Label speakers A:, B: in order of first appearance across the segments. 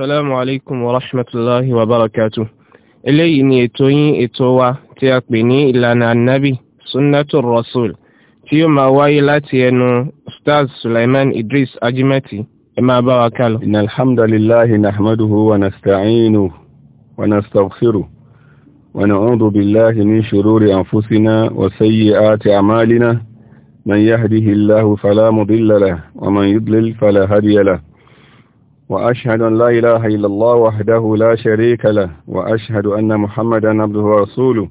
A: السلام عليكم ورحمة الله وبركاته إلي إني إتوين إتوى تيقبني إلا النبي سنة الرسول تيو ما واي لاتينو أستاذ سليمان إدريس أجمتي إما باركالو إن الحمد لله نحمده ونستعينه ونستغفره ونعوذ بالله من شرور أنفسنا وسيئات أعمالنا من يهده الله فلا مضل له ومن يضلل فلا هدي له وأشهد أن لا إله إلا الله وحده لا شريك له وأشهد أن محمدا عبده ورسوله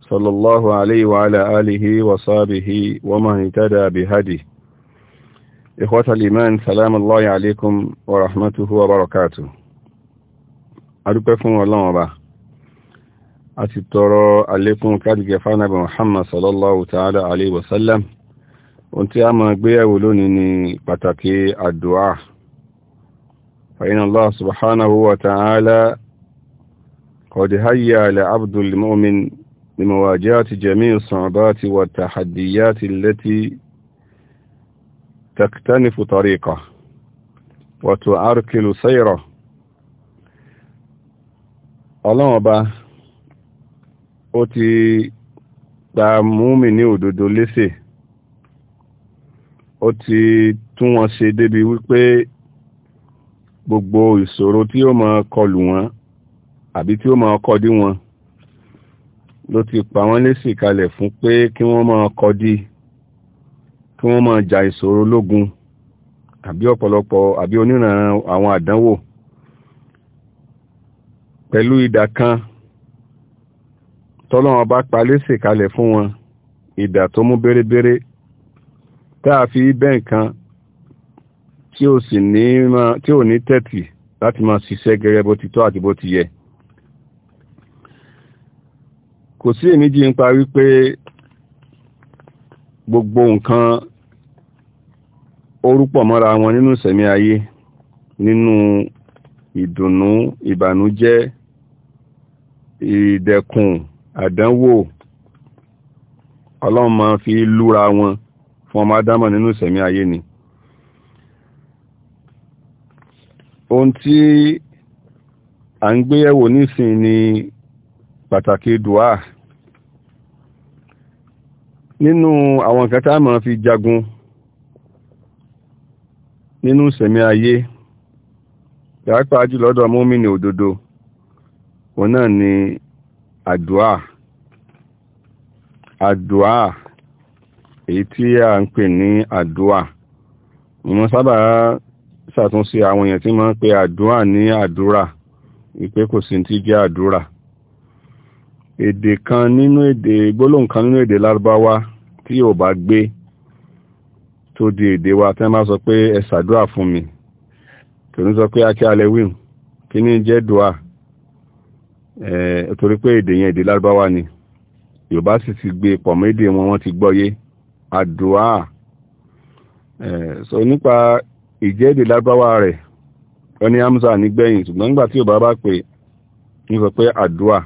A: صلى الله عليه وعلى آله وصحبه ومن اهتدى بهديه إخوة الإيمان سلام الله عليكم ورحمته وبركاته أدوك فون الله وبا أتترى عليكم كاتب فانا بمحمد صلى الله تعالى عليه وسلم وانت أما قبيا ولوني باتكي الدعاء فإن الله سبحانه وتعالى قد هيا لعبد المؤمن لمواجهة جميع الصعوبات والتحديات التي تكتنف طريقه وتعركل سيره ọlọ́run أبا؟ ó ti gba múmi ní òdodo léṣe gbogbo ìṣòro tí ó máa kọlù wọn àbí tí ó máa kọdí wọn ló ti pa wọ́n lésì kalẹ̀ fún pé kí wọ́n máa kọdí kí wọ́n máa jà ìṣòro lógun àbí ọ̀pọ̀lọpọ̀ àbí oníran àwọn àdánwò pẹ̀lú idà kan tọ́lọ́wọ́n bá pa lésì kalẹ̀ fún wọn idà tó mú bérebére tá a fi bẹ́ nǹkan tí ó sì ní máa tí ò ní tẹ́tì láti máa ṣiṣẹ́ gẹ́gẹ́ bó ti tọ́ àti bó ti yẹ kò sí èméjì ń parí pé gbogbo nǹkan orúpọ̀ mọ́ra wọn nínú ìṣẹ̀mí ayé nínú ìdùnnú ìbànújẹ́ ìdẹ̀kùn àdánwò ọlọ́run máa fi lúra wọn fún ọmọ adámọ̀ nínú ìṣẹ̀mí ayé ni. ohun tí a ń gbé yẹ̀wò nísìn ni pàtàkì dùá nínú àwọn nǹkan tá fi jagun nínú sẹ̀mí ayé pàápàá jù lọ́dọ̀ mọ́mìnì òdodo òun náà ni àdùá àdùá èyí tí a ń pè ní àdùá ìmọ̀ sábàá ṣàtúnṣe àwọn èèyàn tí máa ń pe àdúrà ní àdúrà wípé kò sí tí jẹ́ àdúrà èdè kan nínú èdè gbólóhùn kan nínú èdè lárúbáwá tí ò bá gbé tó di èdè wa tẹ́ máa sọ pé ẹ ṣàdúrà fún mi kò sọ pé akí alẹ́ wíwù kí ní jẹ́ dùà torí pé èdè yẹn èdè lárúbáwá ni yorùbá sì ti gbé pọ̀ médè wọn wọ́n ti gbọ́yé àdúà so nípa ìjẹ́dè lágbáwá rẹ̀ wọ́n ní hamza nígbẹ̀yìn ṣùgbọ́n nígbà tí ò bá bá pè ní sọ pé àdúà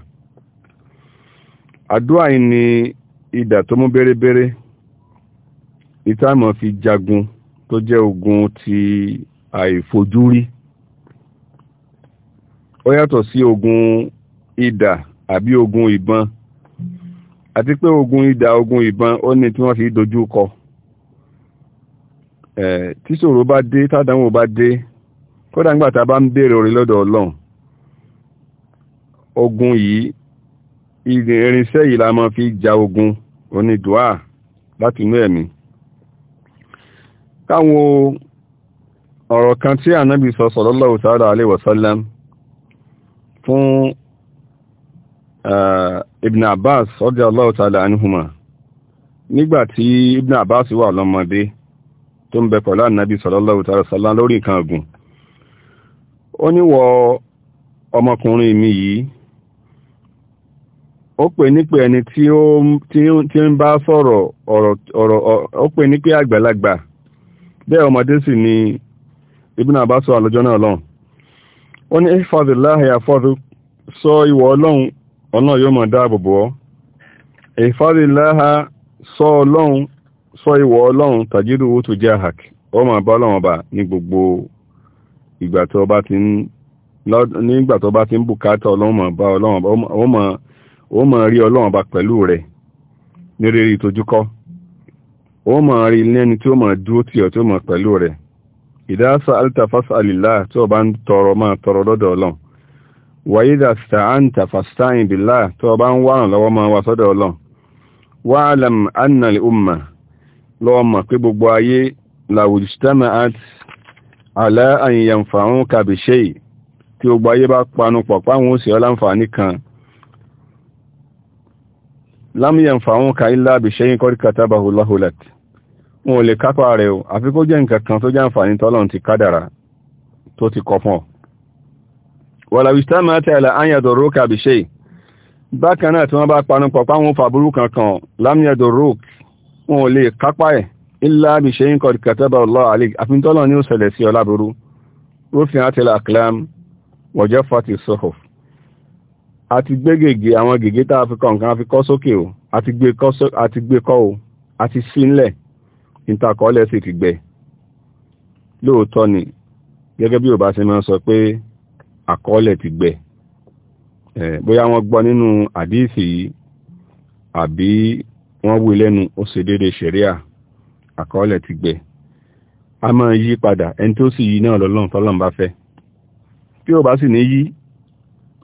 A: àdúà yìí ni idà tó mú bérebére ìtàmọ̀ fi jagun tó jẹ́ ogun ti àìfojúrí ó yàtọ̀ sí ogun idà àbí ogun ìbọn àti pé ogun idà ogun ìbọn ó ní tí wọ́n fi dojú kọ tí ṣòro bá dé tádánwò bá dé kódà nígbà tá a bá ń béèrè orí lọ́dọ̀ ọlọ́run ogun yìí irinṣẹ́ yìí la máa fi ja ogun onídùá láti inú ẹ̀mí káwọn ọ̀rọ̀ kan tí ànábì sọ sọ̀rọ̀ ta'ala alaihi wasallam fún ibn abbas ọjà radiyallahu ta'ala nígbà tí ibn abbas wà lọ́mọdé tó ń bẹ pẹ̀lú ànábì sallallahu ta'ala lórí nǹkan ọ̀gùn ó níwọ̀ ọmọkùnrin mi yìí ó pè nípe ẹni tí ó ń bá sọ̀rọ̀ ọ̀rọ̀ ó pè nípe àgbàlagbà bẹ́ẹ̀ ọmọdé sì ni bá sọ àlọ́jọ́ náà lọ́hùn ó ní sọ ìwọ ọlọ́run tàjídù owó tó jẹ́ ọ ma bá ọlọ́run ọba ní gbogbo ìgbà tó bá ti ń rí ọba pẹ̀lú rẹ̀ ní rírí tójúkọ́ ó ma rí lẹ́ni tí ó máa ma tì ọ́ tí ó máa pẹ̀lú rẹ̀ ìdásá tí bá ń tọrọ máa tọrọ lọ́dọ̀ wàyídà tí bá ń máa wà sọ́dọ̀ lọ́wọ́ mọ̀ pé gbogbo ayé làwùjítàmà àti aláàyìnyànfàún kàbíṣẹ́ yìí tí gbogbo ayé bá panupọ̀ páwọn òsì ọláǹfààní kan lámìyànfàún ka ilá àbíṣẹ́ yìí kọ́rí kàtàbà hulahulat wọn ò lè kápá rẹ̀ o àfi kó jẹ́ nǹkan kan tó jẹ́ àǹfààní tọ́lọ́n ti kádàrà tó ti kọ fún ọ wàlàwìsítàmà àti aláàyìnyàdọ̀rọ̀ kàbíṣẹ́ yìí bákan náà tí wọ́n bá panupọ̀ páwọn òfàbúrú kankan lámìyàdọ̀rọ̀ wọn ò lè kápá ẹ̀ ilá bí ṣe ń kọ̀ kataba Allah alayk àfintọ́lọ̀ ní ó ṣẹlẹ̀ sí ọlábúrú rúfin àtìlá aklam wọ̀jẹ́ fati sohof àti gbé gègé àwọn gègé tá a fi kọ nǹkan a fi kọ́ sókè o àti gbé kọ́ o àti sínlẹ̀ ìtakọ̀ọ́lẹ̀ sì ti gbẹ lóòótọ́ ni gẹ́gẹ́ bí ò ṣe máa sọ pé àkọọ́lẹ̀ ti gbẹ bóyá wọ́n gbọ́ nínú àdíìsì yìí àbí wọ́n wí lẹ́nu ó ṣe dédé ṣẹ̀ríà àkọọ́lẹ̀ ti gbẹ̀ a máa yí padà ẹni tó sì yí náà lọ́lọ́n tọ́lọ́n bá fẹ́ tí ó bá sì ní yí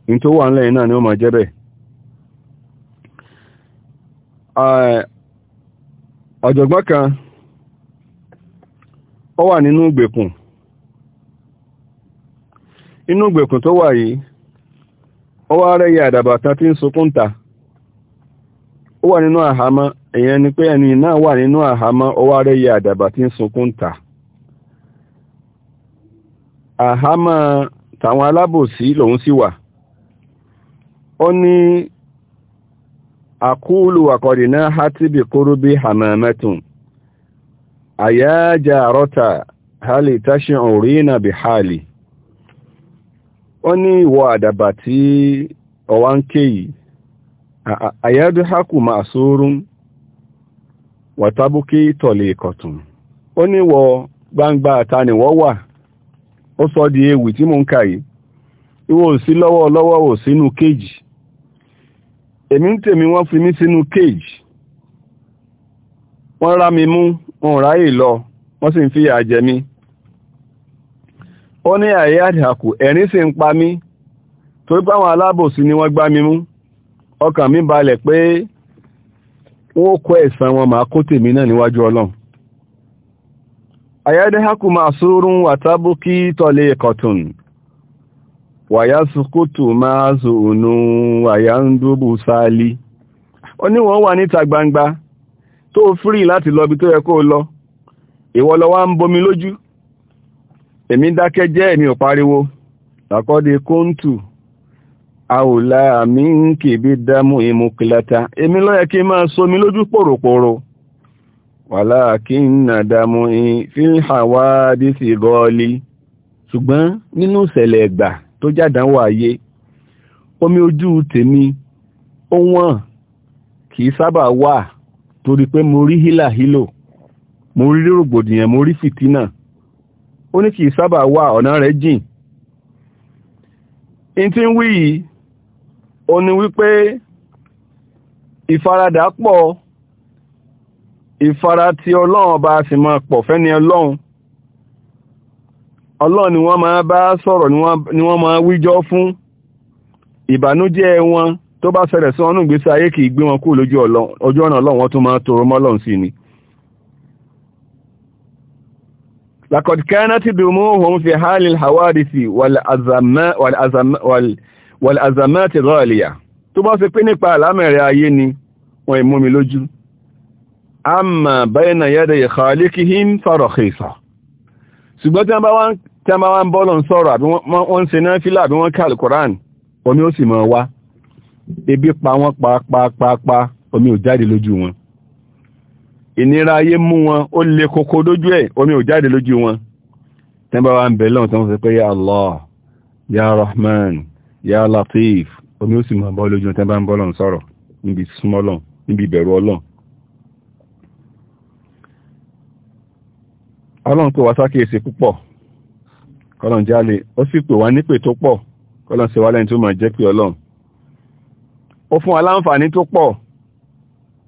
A: ní tó wà ńlẹ̀ náà ni ó máa jẹ́ bẹ̀ ọ̀jọ̀gbọ́n kan ó wà nínú ìgbèkùn inú ìgbèkùn tó wà yìí ó wá rẹ́yẹ àdàbà tán tí ń sunkún ta ó wà nínú àhámọ́ èyàn ni pé ẹni náà wà nínú àhámọ́ ó wá rẹ̀ yẹ àdàbà tí ń sunkún ta àhámọ́ tàwọn alábòsí lòun sì wà ó ní àkúlù àkọ̀dìná hátíbì kúrú bí hàmẹ́mẹ́tùn àyájá àrọ́ta hálì táṣì òrìnà bí hálì ó ní ìwọ àdàbà tí ọwá ń ké yìí a yadhaku ma'surun wa tabki taliqatun ó ní wọ gbangba ta ni wọ́n wà ó so di ewì ti mo ń kà yìí ìwọ lowo-lowo o sinu ò sínú n temi won wọ́n fi mí sínú kéjì wọ́n rá mi mú wọn lo lọ wọ́n sì ń fìyà jẹ mi ó ní àyè àdàkù ẹ̀rín sì ń pa mí torí pé àwọn ni wọ́n gbá mi ọkàn mi balẹ̀ pé wọ́n kọ́ ẹ̀san wọn ma kó tèmi náà níwájú ọlọ́run ayádáhákù máa sórún àtábú kí tọ́lé kọ̀tùn wàyá sùkútù máa zòònù wàyá ń dúbù sáálí ó ní wọ́n wà níta gbangba tó fírì láti lọ bí tó yẹ kó lọ ìwọ lọ wá ń bomi lójú èmi dákẹ́ jẹ́ èmi ò pariwo làkọ́dé kóńtù àwòlá àmì ń kèbí dámú ìmú kìláta èmi ló yẹ kí máa mi lójú pòròpòrò wàlá kí ń nà dámú ìfíhàwá dí sí gọ́ọ̀lì ṣùgbọ́n nínú ìṣẹ̀lẹ̀ ẹ̀gbà tó jádánwò ayé omi ojú tèmi ó wọ́n kì í sábà wà torí pé mo rí hílà hílò mo rí rògbòdìyàn mo rí fìtínà ó ní kì í sábà wà ọ̀nà rẹ̀ jìn in ti ń wí yìí ó ní wípé ìfaradà pọ̀ ìfara ti ọlọ́run ọba sì máa pọ̀ fẹ́ni ọlọ́run ọlọ́run ni wọ́n máa bá sọ̀rọ̀ ni wọ́n máa wíjọ́ fún ìbànújẹ́ wọn tó bá ṣẹlẹ̀ sí ọnú ìgbésí ayé kìí gbé wọn kú lójú ọjọ́ ọ̀nà ọlọ́run wọn tó máa tòrò mọ́lọ́run sí ni lakọ̀dìkẹ́ náà ti dùn mú òun fi hálì hawadithi wàl wọ̀lẹ̀ azamati rọ́ọ̀lìyà tó bá fi pé nípa àlámẹ̀rẹ̀ ayé ni wọ́n ìmú mi lójú amma bayna yẹ́dẹ̀ ìkọ̀ọ́lékihín fọ́rọ̀ kìsọ̀ ṣùgbọ́n tí wọ́n bá wá ń bọ́lọ̀ ń sọ̀rọ̀ àbí wọ́n ṣe náà fílà àbí wọ́n kàl koran omi ó sì mọ̀ wá ebi pa wọ́n pa ya Rahman ya latif omi ó sì mọ̀ bọ́ lójú tẹ́ bá ń bọ́lọ̀ sọ̀rọ̀ níbi súnmọ́lọ̀ níbi ìbẹ̀rù ọlọ́n ọlọ́n pè wá sákèèsí púpọ̀ kọlọ̀n jálè ó sì pè wá nípè tó pọ̀ kọlọ̀n ṣe wá lẹ́ni tó máa jẹ́ pé ọlọ́n ó fún aláǹfààní tó pọ̀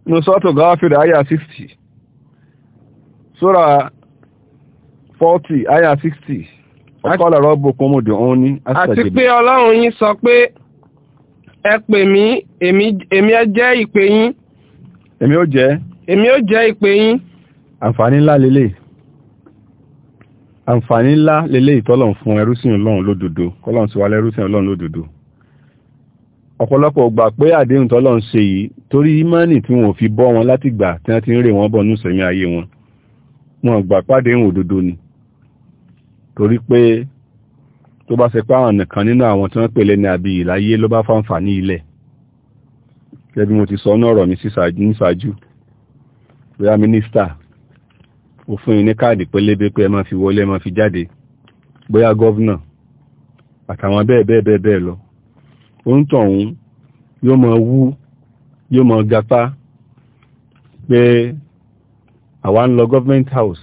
A: nínú sọ́tò gáfíìrì àyà 60 sóra 40 àyà 60 ọ̀kọ́lọ̀ rọ́bù kún mú dùn ní àti pé ọlọ́run yín sọ pé ẹ pè mí èmi ẹ jẹ́ ìpè yín èmi ó jẹ́ èmi ó jẹ́ ìpè yín àǹfààní ńlá lélẹ̀ àǹfààní ńlá lélẹ̀ ìtọ́lọ̀n fún ẹrúsìn ọlọ́run lódodo kọ́lọ́n ti wà lẹ́rúsìn ọlọ́run lódodo ọ̀pọ̀lọpọ̀ gbà pé àdéhùn tọ́lọ́run ṣe yìí torí ìmánì tí wọn ò fi bọ́ wọn látìgbà tí wọ́n ti ń rè wọ́n bọ̀ nùsẹ̀mí ayé wọn wọn gbà pàdéhùn òdodo ni torí pé tó bá ṣe páwọn nìkan nínú àwọn tí wọ́n pèlè ní àbí ìláyé ló bá fàǹfààní ilẹ̀ gẹ́gẹ́ mo ti sọ ní ọ̀rọ̀ mi níṣáájú bóyá mínísítà ó fún yín ní káàdì pélébé pé ẹ máa fi wọlé ẹ fi jáde bóyá gọ́vnà àtàwọn bẹ́ẹ̀ bẹ́ẹ̀ bẹ́ẹ̀ bẹ́ẹ̀ lọ ó yóò mọ wú yóò mọ gapá pé àwa ń lọ government house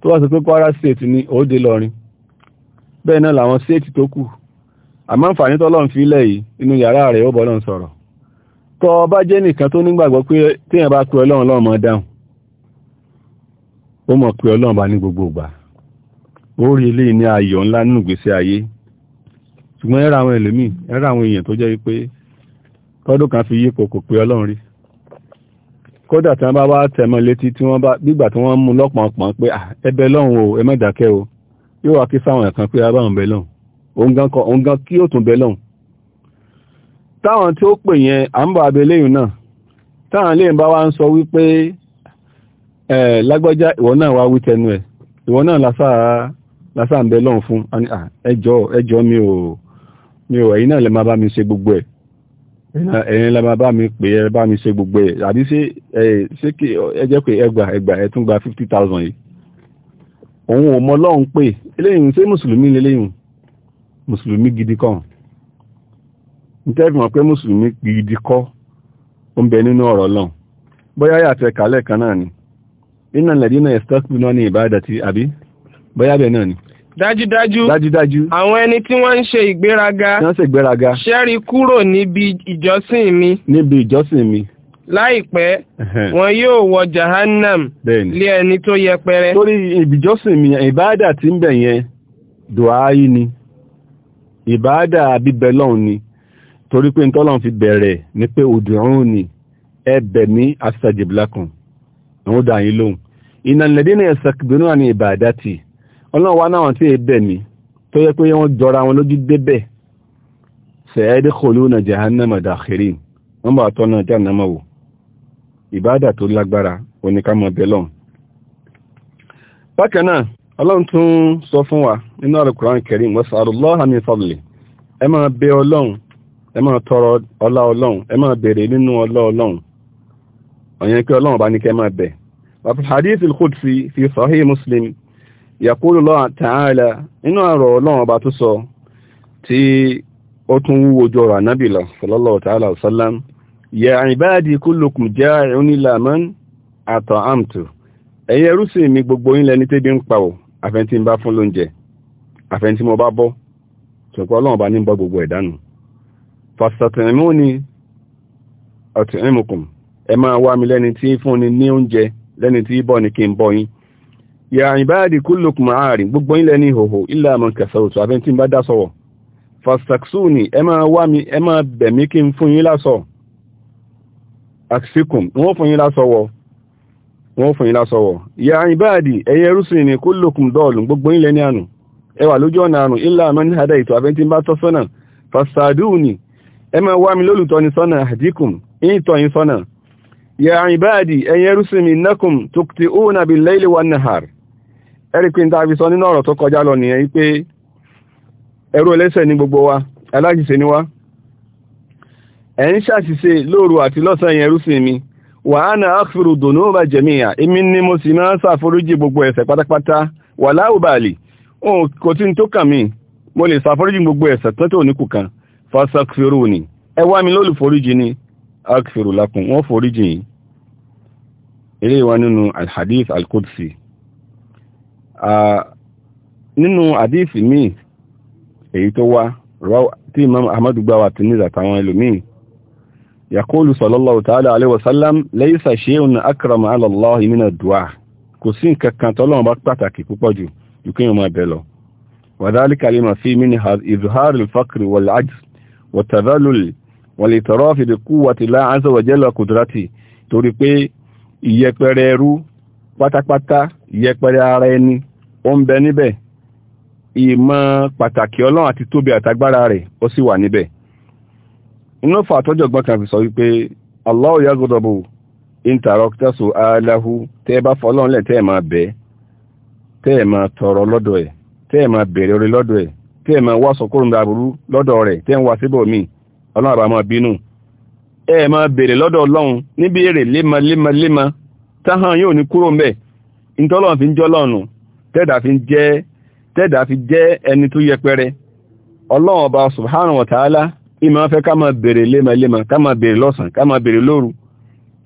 A: tó wá sọ pé Kwara state ni òde lọrin bẹ́ẹ̀ náà làwọn state tó kù àmọ́ àǹfààní tọ́lọ́run fi lẹ̀ yìí inú yàrá rẹ̀ ó bọ́lọ́n sọ̀rọ̀ tó bá jẹ́ nìkan tó nígbàgbọ́ pé téèyàn bá pe ọlọ́run lọ́run mọ́ dáhùn ó mọ̀ pé ọlọ́run bá ní gbogbo ìgbà ó rí ilé ní ayọ̀ ńlá nínú ìgbésí ayé ṣùgbọ́n ẹ àwọn ẹlòmíì ẹ àwọn èèyàn tó jẹ́ wípé tọ́dún kan fi yípo kò pé ọlọ́run rí kódà tí wọ́n bá wá tẹ̀mọ́ létí tí wọ́n bá gbígbà tí wọ́n mú lọ́pọ̀ọ̀pọ̀n pé ah, ẹbẹ̀ lọ́hùn o ẹ má o yóò wá kí sáwọn ẹ̀kan pé abáhùn bẹ̀ lọ́hùn òun gan kí ó tún bẹ̀ lọ́hùn táwọn tí ó pè yẹn à ń bọ̀ abẹ́lẹ́yìn náà táwọn lè bá wá ń sọ wípé ẹ̀ lágbọ́já ìwọ náà wá wí tẹnu ẹ̀ ìwọ náà lásà ń bẹ̀ lọ́hùn fún ah, ẹjọ́ ẹjọ́ mi ò ẹ̀yin náà lè má bá mi ṣe gbogbo ẹ̀ ẹ̀yin lẹ́bàá bá mi pè ẹ bá mi ṣe gbogbo ẹ̀ àbí ṣé ẹ jẹ́ pé ẹgbà ẹgbà ẹ tún gba fifty thousand yìí òun ò mọ lọ́hùn pé eléyìí ṣé mùsùlùmí eléyìí mùsùlùmí gidi kan nítẹ́fìmọ̀ pé mùsùlùmí gidi kọ́ ó ń bẹ nínú ọ̀rọ̀ lọ́hùn bóyá yàtọ̀ náà ni iná lẹ́dínà náà ní ìbáradà ti àbí bóyá bẹ́ẹ̀ náà ni dájúdájú dájúdájú àwọn ẹni tí wọ́n ń ṣe ìgbéraga wọ́n ṣe ìgbéraga ṣẹ́rí kúrò níbi ìjọsìn mi níbi ìjọsìn mi láìpẹ́ wọn yóò wọ jahannam lé ẹni tó yẹpẹrẹ torí ìbìjọsìn mi ìbáàdà tí ń bẹ̀ yẹn dùáyí ni ìbáàdà bíbẹ lọ́hùn ni torí pé ntọ́lọ́hùn fi bẹ̀rẹ̀ ní pé òdùrún ni ẹ bẹ̀ mí astajib lakum dà yín lóhùn innal ladina yastakbiruna ìbáàdà tì í ọlọ́run wá náwọn tí èébẹ̀ ni tó yẹ pé wọ́n jọra wọn lójú débẹ̀ sẹ̀ẹ́dẹ́ kòlú na jahannama dakhirin wọ́n bá tọ́ náà jahannama wò ìbádà tó lágbára oníkàmọ̀ belon bákan náà ọlọ́run tún sọ fún wa nínú Al-Qur'an Karim was'alullaha min fadli ẹ máa bẹ ọlọ́run ẹ máa tọrọ ọlá ọlọ́run ẹ máa bèèrè hadith al-Qudsi fi sahih Muslim yàkúrò lọ́wọ́ tààlà nínú ọ̀rọ̀ ọlọ́run ọba tó sọ tí ó tún wúwo ojú ọ̀rọ̀ ànábì lọ ta'ala wasallam ya ibadi kullukum ja'un illa man ẹ̀yẹ mi gbogbo yín tẹ́bí ń ń bá fún lóúnjẹ gbogbo ẹ̀dánù tí ni ya ibadi kullukum aari gbogbo ilẹ̀ ní ìhòhò illa man kasawtu abẹ́ tí ń bá dá sọ́wọ́ fastaksuni ẹ máa wá mi ẹ máa bẹ̀ mí kí n fún yín lásọ aksikum wọ́n fún yín lásọwọ́ wọ́n fún yín lásọwọ́ ya ibadi ẹyẹ rúsùn ní kullukum dọ́ọ̀lù gbogbo ilẹ̀ ní ànù ẹ wà lójú ọ̀nà àrùn illa man hadaitu abẹ́ tí ń bá tọ́ sọ́nà fastaduni ẹ máa wá mi lólùtọ́ni sọ́nà ahdikum ìtọ́yin sọ́nà ya ibadi ẹyẹ rúsùn mi innakum tukhti'una bil ẹ̀rí pé ń tàbí sọ nínú ọ̀rọ̀ tó kọjá lọ nìyẹn wípé ẹrú ẹlẹ́ṣẹ̀ ní gbogbo wa aláṣìṣe ni wá ẹ̀ ń ṣàṣìṣe lóru àti lọ́sàn yẹn rú sí mi wà á na áfìrù dùnú bá jẹ̀míyà èmi ni mo sì máa ń ṣàforíjì gbogbo ẹ̀ṣẹ̀ pátápátá wà láwùbàlì kò tí ń tó kàn mí mo lè ṣàforíjì gbogbo ni ẹ wá mi lólùforíjì ni áfìrù lakùn wọ́n foríjì nínú àdífì míì èyí tó wá tí imam ahmadu gbáwà tí ní àtàwọn ẹlòmíì yakolu sallallahu ta'ala alaihi wasallam laysa shay'un akrama ala Allah min ad-du'a kò sí nǹkan kan tọ́lọ́run bá pàtàkì púpọ̀ jù jù وذلك لما فيه من إظهار الفقر والعجز والتذلل والاعتراف بقوة الله عز وجل وقدرته torí pé pátápátá yẹpẹrẹ ara ẹni ó ń bẹ níbẹ̀ ìmọ̀ pàtàkì ọlọ́run àti tóbi àtagbára rẹ̀ ó sì wà níbẹ̀ inú fà tọ́jọ̀gbọ́n kan fi sọ wípé Allahu yagodobo intaroctaso alahu tẹ́ bá fọlọ́run lẹ̀ tẹ́ máa bẹ̀ tẹ́ máa tọrọ lọ́dọ̀ ẹ̀ tẹ́ máa bèrè orí lọ́dọ̀ ẹ̀ tẹ́ máa wá sọkúrùn dàbúrú lọ́dọ̀ rẹ̀ tẹ́ ń wá síbò ọlọ́run bínú ẹ máa bèrè lọ́dọ̀ ọlọ́run níbi táhàn yóò ní kúrò mbẹ̀ ìtọ́lọ̀ fi ń jẹ́ ọlọ́run tẹ́dà fi jẹ́ tẹ́dà fi jẹ́ ẹni tó yẹpẹrẹ ọlọ́run ọba subhanahu wa ta'ala ìmọ̀ fẹ́ ká máa bèèrè lémaléma ká máa bèèrè lọ́sàn ká máa lóru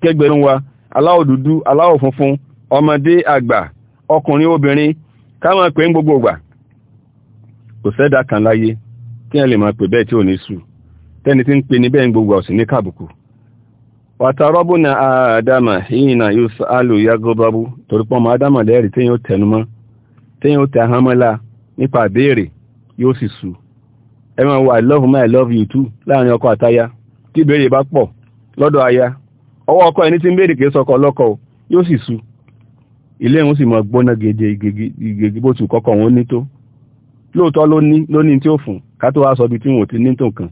A: kẹgbẹ̀rún wa aláwọ̀ dúdú funfun ọmọdé àgbà ọkùnrin obìnrin ká máa pè ń gbogbo ìgbà kan láyé ẹ lè máa pè bẹ́ẹ̀ tí ò ní sùn tẹ́ni tí ń bẹ́ẹ̀ ń gbogbo ọ̀sìn wàtàrọ́bùnà àdàmà yìí na yóò sálò ya gọbabu torípọ̀ ma àdámà lẹ́rì tí yóò tẹnumọ́ tí yóò tẹ àhámọ́lá nípa àbẹ́ẹ̀rẹ̀ yóò sì sù ẹmọ wà love my love you too láàrin ọkọ àtaya tí ìbéèrè bá lọ́dọ̀ aya ọwọ́ ẹni tí ń kìí yóò sì sù ilé sì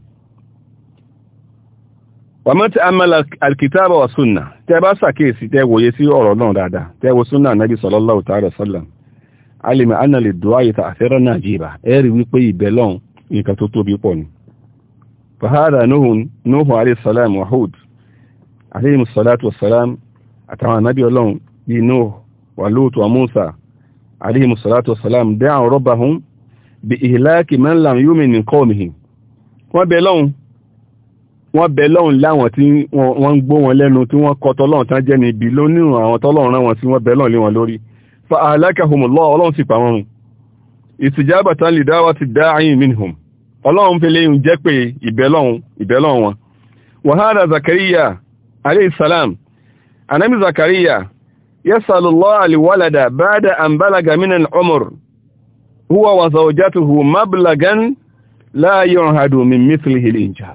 A: wà mọ́tí amala alkitaba wa sunna tẹ́ bá sàkíyèsí tẹ́ wòye sí ọ̀rọ̀ náà dáadáa tẹ́ wo sunna nabi sallallahu ta'ala sallam alima anna lè dùn àyè ta àfẹ́rẹ́ náà jìbà ẹ̀rí wípé ìbẹ̀lọ́n nǹkan tó tóbi pọ̀ ni fahada nuhun alayhi salatu wa salam wọ́n bẹ lọ́hùn láwọn tí wọ́n ń gbó wọn lẹ́nu tí wọ́n kọ́ tọ́lọ́hùn tán jẹ́ níbi lónìí àwọn tọ́lọ́hùn rán wọn tí wọ́n bẹ lọ́hùn lé wọn lórí fa alákàhùnmùlọ́ ọlọ́run sì pa wọ́n lè dáwà ti dá àyìn minhum ọlọ́run fi léyìn jẹ́ pé ìbẹ́lọ́hùn ìbẹ́lọ́hùn wọn wàhálà zakariya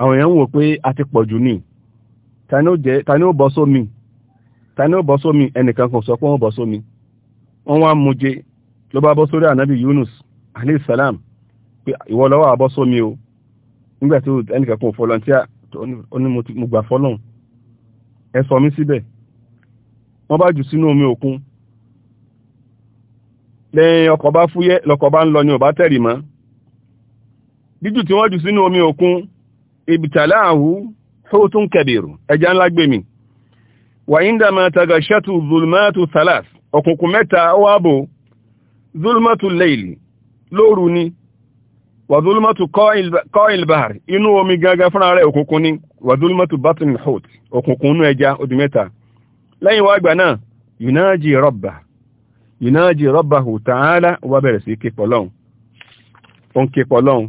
A: àwọn èèyàn ń wò pé a ti pọ̀jù ní tani ó bọ́ sómi tani ó bọ́ sómi ẹnìkan kan sọ pé wọ́n bọ́ sómi wọ́n wá mú jẹ ló bá bọ́ sórí ànábì Yunus alayhi salam pé ìwọ lọ́wọ́ àbọ́ sómi o nígbà tí ẹnìkan kan fọlọ́ntíà ó mo gbà fọ́lọ́n ẹ sọ mí síbẹ̀ wọ́n bá jù sínú omi òkun lẹ́yìn ọkọ̀ bá fúyẹ́ lọ́kọ̀ bá ń lọ ni ò bá tẹ̀rì mọ́ jíjù tí wọ́n jù sínú omi òkun ibtaláhu hótún kẹbìrù ẹja ńlá gbèmí wà índàmà tagaṣẹ́tù zulmatu thalas ọkùnkùn mẹ́ta wábò zulmatu leili lóru ni wà zulmatu kọ́ìl bahar inú omi gangan fúnra rẹ̀ òkùnkùn ni wà zulmatu batin hot òkùnkùn inú ẹja odù mẹ́ta lẹ́yìn wá gbà náà yunaji rọ́bà yunaji rọ́bà hù tààlà wà bẹ̀rẹ̀ sí képọ̀lọ́un ó ń képọ̀lọ́un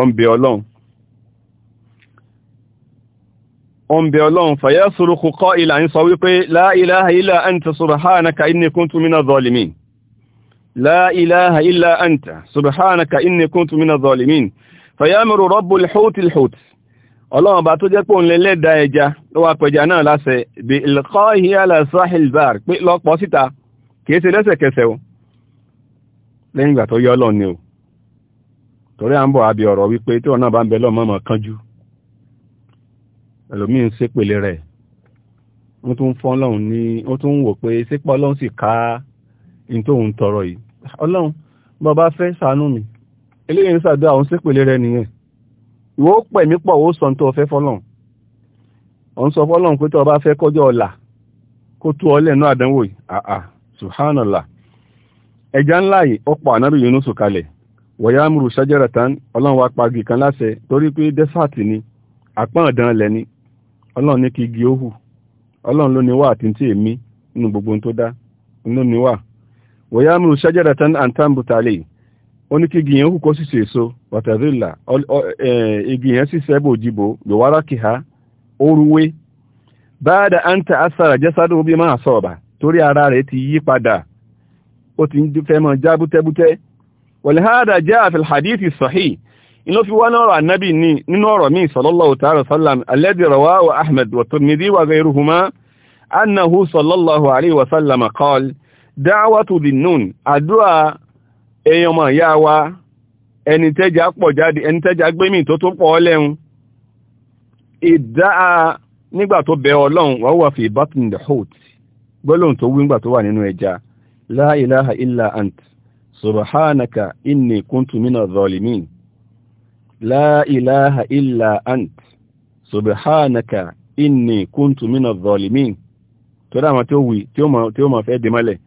A: ó ń bẹ ọlọ́un ọmọbẹ̀ ọlọ́run fàyẹ́ sọ́rọ̀kù kọ́ ilà ń sọ wípé la ilaha illa anta subhanaka inni kuntu mina zalimin la ilaha illa anta subhanaka inni kuntu mina zalimin fàyẹ́mìrò rabbul hutil hut ọlọ́run bá tó jẹ́ pé òun lẹ́lẹ́dà lẹ́yìn ìgbà tó yọ ọlọ́run ni o torí à ń bọ̀ àbí ọ̀rọ̀ wípé tí wọn bá ń bẹ lọ́mọ́mọ́ kánjú ẹlòmíì ń ṣépèlé rẹ̀ wọ́n tún fọ́n lọ́hùn ní wọ́n tún wò pé ṣépọ̀ ọlọ́run sì ká in tó ń tọrọ yìí ọlọ́run bọ́ bá fẹ́ mi eléyìí ń ṣàdúrà òun ṣépèlé rẹ̀ nìyẹn ìwọ ó pẹ̀mí pọ̀ ó sọ tó ọfẹ́ fọ́lọ́run òun sọ fọ́lọ́run pé tó ọba fẹ́ kọjọ́ ọ̀la kó tú ọlẹ̀ náà àdánwò yìí àà subhanallah ẹja ńlá yìí ó pa ànábì Yúnúsù kalẹ̀ wọ̀yá múru ṣájẹ́rẹ̀ tán ọlọ́run wa pagi kan láṣẹ torí pé dẹ́sàtì ni àpọ́n ọ̀dán lẹ́ni ọlọ́run ní kí igi ó hù ọlọ́run ló ní wà àti tí èmi nínú gbogbo tó dá ló ní wà wòyá mú ṣẹ́jẹ́rẹ̀ tán àǹtàǹbùtàlẹ̀ ó ní kí igi yẹn hù kó sì ṣe èso wàtàrílà igi yẹn sì sẹ́bò òjìbò lòwárá kìhá oruwé báadà àǹtà àṣàrà jẹ́sádò bí máa sọ̀ọ̀bà torí ara rẹ̀ ti yí padà ó ti fẹ́ mọ́ já bútẹ́bútẹ́ wọ̀lẹ́hádà jẹ́ àfẹ́l hadithi sahih inú fi wọ́n ọ̀rọ̀ annabi ní nínú ọ̀rọ̀ mi sallallahu ta'ala sallam alladhi rawahu ahmed wa tirmidhi wa ghayruhuma annahu sallallahu alaihi wa sallam qal da'watu dhinnun àdúrà èèyàn mọ̀ yá wa ẹni tẹ́jà pọ̀ jáde ẹni tẹ́jà gbémì tó tó pọ̀ lẹ́hun ìdáa nígbà tó bẹ ọlọ́run wa huwa fi batn subhanaka inni kuntu mina zalimin la ilaha illa ant subhanaka inni kuntu minaz zalimin tó dáma tí ó wí tí ó ma fẹ́ dìmọ́lẹ̀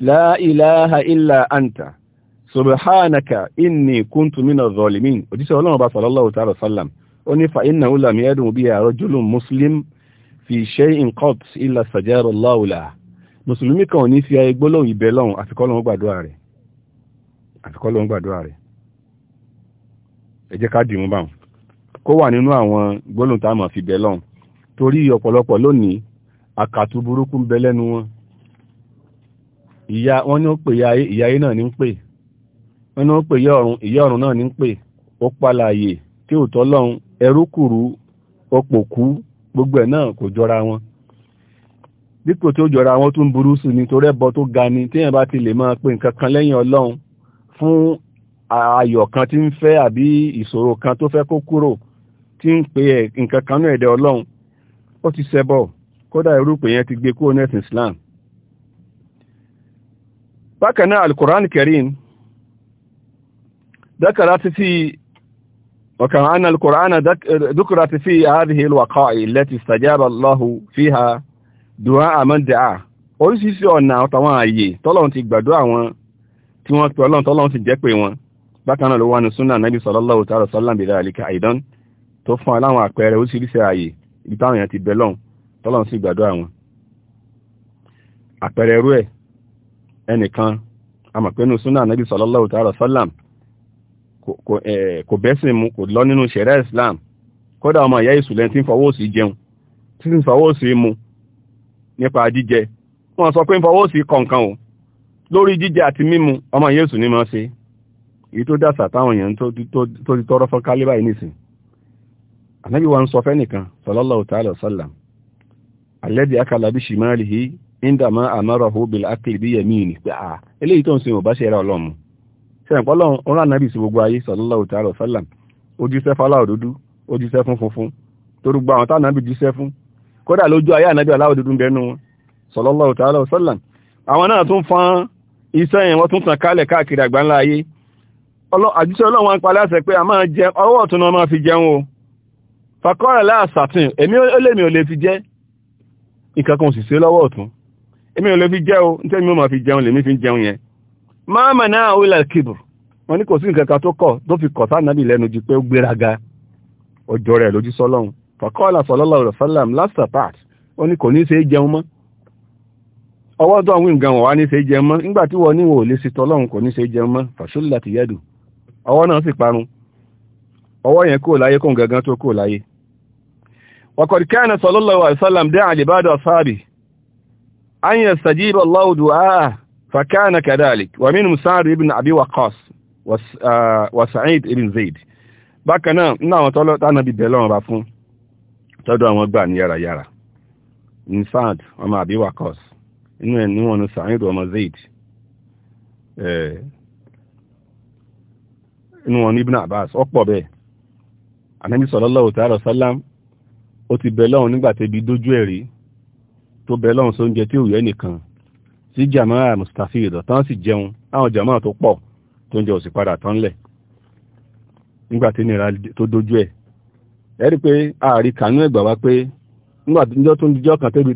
A: la ilaha illa anta subhanaka inni kuntu minaz zalimin òjíṣẹ́ ọlọ́run bá sallallahu ta'ala sallam ó ní fa innahu lam yad'u biha rajulun muslim fi shay'in qat illa sajara Allahu lahu mùsùlùmí kan ò ní fi ayé gbólóhùn ìbẹ̀ lọ́hùn àfikọ́lọ́hùn gbàdúrà rẹ̀ ẹ jẹ́ ká dìmú báwọn kó wà nínú àwọn gbólóhùn tá a máa fi bẹ lọ́hùn torí ọ̀pọ̀lọpọ̀ lónìí àkàtú burúkú ń bẹ lẹ́nu wọn ìyá wọn ní ó pè ìyá ayé náà ní ń pè wọn ní ó pè ìyá ọ̀run ìyá ọ̀run náà ní ń pè ó palàyè tí ò tọ́ lọ́hùn ẹrúkùrú ọpòkú gbogbo ẹ̀ náà kò jọra wọn dípò tí ó jọra wọn tún burú sí ni torí ẹbọ tó ga ni téèyàn bá ti lè máa pe nǹkan kan lẹ́yìn ọlọ́run fún ayọ̀ kan tí ń fẹ́ àbí ìṣòro kan tó fẹ́ kó kúrò tí ń pe nǹkan kan náà ẹ̀dẹ̀ ọlọ́run ó ti ṣẹbọ kódà irúpè yẹn ti gbé kúrò nẹ́sìn Islam bákan náà al-Qur'an Karim ذكرت في وكأن القرآن ذكرت في هذه الوقائع التي استجاب الله فيها دعاء من دعاه oríṣiríṣi ọ̀nà àtàwọn ààyè tọ́lọ́run ti gbàdúrà wọn tí wọ́n pe ọlọ́run tọ́lọ́run ti jẹ́ pé wọn bákan náà ló wá ní súnà nábì sallallahu ta'ala sallam bi dhalika aidan tó fún aláwọn àpẹẹrẹ oríṣiríṣi ààyè ibi táwọn èèyàn ti bẹ̀lọ́n tọ́lọ́n sì gbàdúrà wọn àpẹẹrẹ irú ẹ̀ ẹnìkan amọ̀pẹ́nu súnà nábì sallallahu ta'ala sallam kò bẹ́sìn mu kò lọ nínú ṣẹ̀rẹ́ islam kódà ọmọ ìyá ìsùlẹ̀ tí ń fọwọ́ sí jẹun tí ń fọwọ́ sí mu nípa jíjẹ wọ́n sọ pé ń fọwọ́ sí kọ̀ọ̀kan o lórí jíjẹ àti mímu ọmọ ìyá ìsù ní mọ́ èyí tó dàsà táwọn èèyàn tó ti tọrọ fọ́n kálíbà yìí nìsín anábì sọ fẹ́nìkan sallallahu ta'ala sallam alẹ́dì akalabi shimalihi indama amarahu bil akli bi yamini pé à ah, eléyìí tó ń sin òbá ṣẹra ọlọ́mu ṣẹ̀yìn pọ́lọ́ ọ̀rọ̀ anábì sí dúdú fún funfun gba sallallahu ta'ala àjíṣẹ́ ọlọ́wọ́n ń àṣẹ pé a máa jẹ ọwọ́ ọ̀tún náà máa fi jẹun o fàkọ́rẹ̀ láàṣàtìn èmi mi ò lè fi jẹ ìkankan sì sí lọ́wọ́ ọ̀tún èmi ò lè fi jẹ o ní tẹ́mi ó máa fi jẹun mi fi jẹun yẹn máa náà ó ilẹ̀ kò sí nǹkan tó kọ̀ tó fi kọ̀ sánàbì lẹ́nu ju pé ó gbéraga ọjọ́ rẹ̀ lójú àwọn wá jẹun mọ́ nígbà tí ọwọ́ náà sì parun ọwọ́ yẹn kúrò láyé kóhun gangan tó kúrò láyé وقد كان صلى الله عليه وسلم دعا لبعض أصحابه أن يستجيب الله دعاءه فكان كذلك ومنهم سعد بن أبي وقاص وسعيد بن زيد bákan náà nínú àwọn tọ́lọ́ tánà bíbẹ̀ lọ́rùn bá fún tọ́dọ̀ àwọn gbà ní yàrá-yàrá ní inú wọn ní Ibn Abbas ọ̀pọ̀ bẹ́ẹ̀ Ànábì sallallahu ta'ala sallam ó ti bẹ lọ́hùn nígbà tẹ́bi dójú ẹ̀rí tó bẹ lọ́hùn sóúnjẹ tí ò yẹ nìkan sí jamaa mustafid tán sì jẹun àwọn jamaa tó pọ̀ tó ń jẹ òsì padà tán lẹ̀ nígbà tí nira tó dójú ẹ̀ ẹ̀rí pé ààrí kànú ẹ̀gbà wá pé nígbà tí níjọ́ tó ń dijọ́ kan tẹ́bi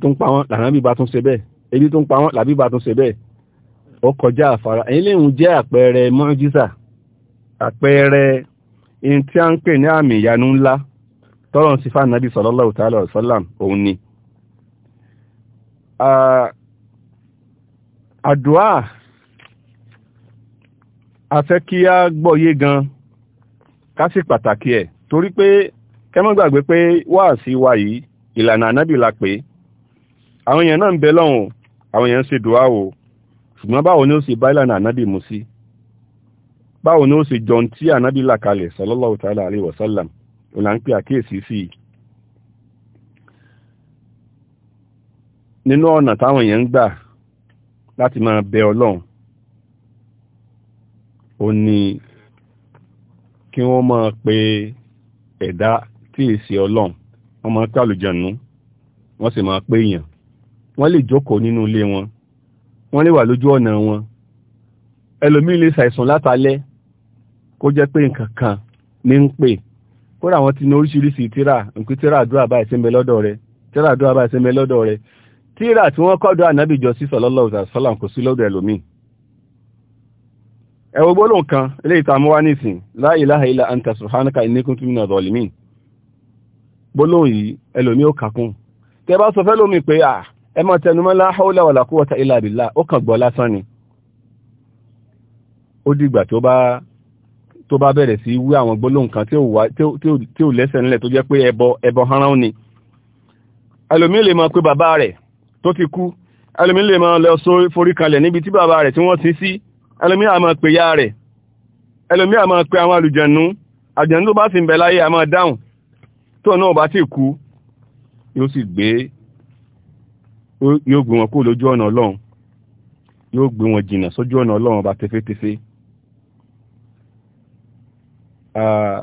A: tó jẹ́ àpẹẹrẹ mọ́jísà àpẹẹrẹ in tí a ń pè ní àmì ìyanu ńlá tọ́rọ̀ sí fánàbí sallallahu ta'ala wa sallam òun ni àdúà afẹ́ kí a gbọ́yé gan ká pàtàkì ẹ̀ torí pé kẹ́mọ́ gbàgbé pé wáàsí wa yìí ìlànà ànábì la pé àwọn èèyàn náà ń bẹ lọ́hùn àwọn èèyàn ń ṣe dùá o ṣùgbọ́n báwo ni ó sì bá ìlànà ànábì mu sí báwo ni ó ṣe jọ tí ànábì là kalẹ̀ sallallahu ta'ala alayhi wa sallam òun là ń pè àkíyèsí sí i nínú ọ̀nà táwọn èèyàn ń gbà láti máa bẹ ọlọ́run ó ní kí wọ́n máa pe ẹ̀dá tí èsì ọlọ́run wọ́n máa kálùjànú wọ́n sì máa pé èèyàn wọ́n lè jókòó nínú ilé wọn wọ́n lè wà lójú ọ̀nà wọn ẹlòmíì lè ṣàìsàn látàlẹ́ kó jẹ́ pé nǹkan kan ní ń pè kódà wọ́n ti ní oríṣiríṣi tíra nǹkan tíra àdúrà báyìí sí ń bẹ lọ́dọ̀ rẹ̀ tíra àdúrà báyìí sí ń lọ́dọ̀ rẹ̀ tíra tí wọ́n kọ́dọ̀ ànábì jọ sí sallallahu alaihi wasallam kò sí lọ́dọ̀ ẹlòmíì ẹwọ gbólóhùn kan eléyìí tá a mú wá nísìn la ilaha illa anta subhanaka inni kuntu minaz zalimin gbólóhùn yìí ẹlòmíì ó kàkún tẹ bá sọ fẹ́ pé à ẹ máa tẹnumọ́ la hawla wala quwwata illa billah ó kàn gbọ́ lásán ni ó dìgbà tó bá tó bá bẹ̀rẹ̀ sí wí àwọn gbólóhùn kan tí ò lẹ́sẹ̀ nílẹ̀ tó jẹ́ pé ẹbọ ẹbọ hánrán ni ẹlòmí lè máa pé bàbá rẹ̀ tó ti kú ẹlòmí lè máa lọ só forí kalẹ̀ níbi tí bàbá rẹ̀ tí wọ́n ti sí ẹlòmí á máa pè ya rẹ̀ ẹlòmí á máa pè àwọn àlùjànnú àlùjànnú tó bá sì ń láyé á dáhùn tó náà bá ti kú yóò sì gbé yóò gbé wọn kúrò lójú ọ̀nà ọlọ́run yóò gbé wọn jìnnà sójú ọ̀nà ọlọ́run ọba tẹfẹ́tẹfẹ́ Uh,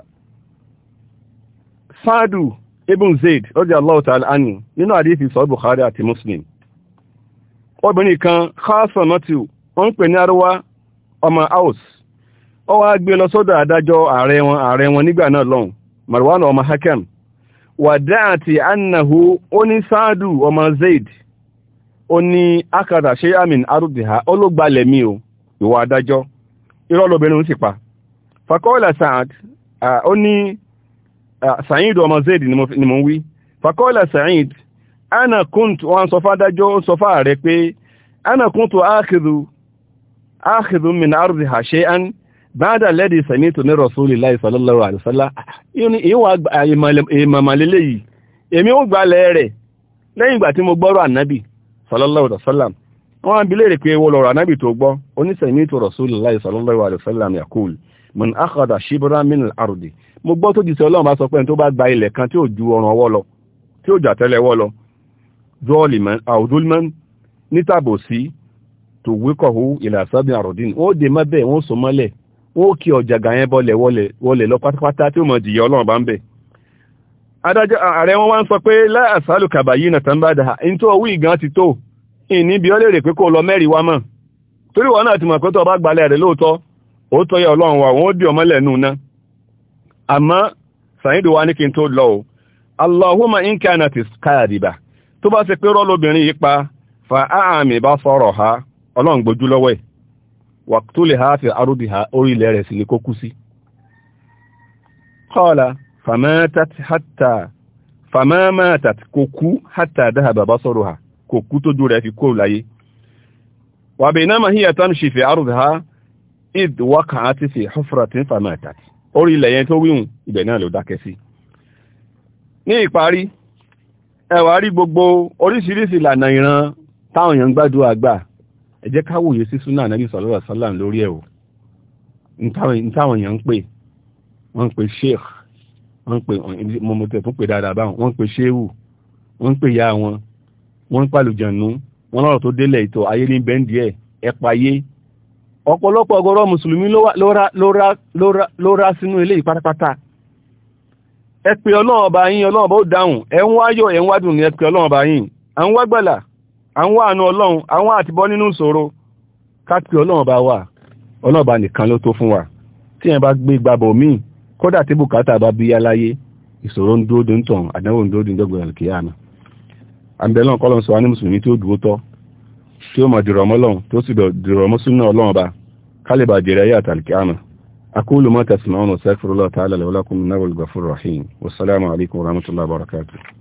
A: Sadu ibn Zaid Allah ta'ala al’Ani, nínú àdífì sọ Bukhari àti Muslim obìnrin kan khaasa matthew wọ́n ń pè ní ọmọ house ọ wá gbé lọ sọ́dọ̀ adájọ́ ààrẹ wọn ààrẹ wọn nígbà náà lọ́hùn marwan ọmọ annahu ọmọ zaid ó ní ṣe amin ó ló Fakola Sa'ad oni uh, ní uh, Sa'id ọmọ Zaid ni mo wí fakọ́ọ̀lá Sa'id ana kunt wọn sofa fádájọ́ sọ fá rẹ̀ ana kunt áàkìdù áàkìdù min ardi ha ṣe an báadà lẹ́dì sẹ̀mítò ní Rasulillahi sallallahu alaihi wasallam ìwà ah, ìmàmàlélé yìí èmi ó gbalẹ̀ rẹ̀ lẹ́yìn ìgbà tí mo gbọ́rọ̀ anabi sallallahu alaihi wasallam wọ́n á bi léèrè pé wọ́n lọ́rọ̀ ànábì tó gbọ́ onísẹ̀mítò Rasulillahi sallallahu alaihi wasallam yakul mọ̀n àkọ́dà ṣíbúrá mínú àròdì mo gbọ́ tó jìṣẹ́ ọlọ́run bá sọ pé tó bá gba ilẹ̀ kan tí ò ju ọrùn ọwọ́ lọ tí ò jà tẹ́lẹ̀wọ́ lọ àwùdúlmọ́n nítàbò sí tó wíkọ̀hú ilẹ̀ àsábìn àròdìn ó dè mọ́ bẹ́ẹ̀ wọ́n so mọ́lẹ̀ ó kí ọ̀jàgà yẹn bọ́lẹ̀ wọlẹ̀ lọ pátápátá tí ó mọ̀ jìyà ọlọ́run bá ń bẹ̀ adájọ́ ààrẹ wọn wá ń sọ pé láàsálù kàbàyí nà ó tọ́yẹ ọlọ́run wa wọ́n dí ọmọlẹ̀ nù náà àmọ́ sàyídò wa ní kí n tó lọ Allahumma in kanat kadiba tó bá ṣe pé rọ́lóbìnrin yìí pa fa àmì bá sọ̀rọ̀ ha ọlọ́run gbójú lọ́wọ́ ẹ̀ waqtulha fi ardiha orílẹ̀ rẹ̀ sì lè kó kú sí qala famatat hatta famamatat kò kú hatta dhahaba basaruha kò kú tójú rẹ̀ fi kó láyé wa baynama hiya tamshi fi ardiha id wákà ti fi hufratin famata orí ilẹ̀ yẹn tó wíhun ibẹ̀ náà ló dákẹ́ sí ní ìparí ẹwà rí gbogbo oríṣiríṣi ìlànà ìran táwọn èèyàn gbádùn àgbà ẹ jẹ́ ká wòye sí súnà nàbí sọ̀lọ́rọ̀ sọ́làm lórí ẹ̀ o ntáwọn èèyàn ń pè wọ́n ń sheikh wọ́n pe pè mọ̀mọ́tẹ̀ tó pè dáadáa báwọn wọ́n ń pè shehu wọ́n pe ya wọn wọ́n ń pàlùjànú wọ́n lọ́rọ̀ tó délẹ̀ ìtọ̀ ayé ní bẹ́ndì ẹ̀ ọ̀pọ̀lọpọ̀ ọgọ́rọ̀ mùsùlùmí ló rá sínú ilé ìpátápátá ẹ pè ọlọ́run ọba yín ọlọ́run ọba ó dáhùn ẹ ń wáyọ̀ ẹ ń wádùn ní ẹ pè ọlọ́run ọba yín à ń wágbàlà à ń wá àánú ọlọ́run àwọn àtibọ́ nínú ìṣòro ká pè ọlọ́run ọba wa ọlọ́run ọba nìkan ló tó fún wa tí ẹ bá ó mọ̀ dìrọ̀mọ́lọ́run tó sì dìrọ̀mọ́súnà ọlọ́run ọba قلب درايات الكعامة أقول ما تسمعون واستغفر الله تعالى لولاكم ولكم الغفور الرحيم والسلام عليكم ورحمة الله وبركاته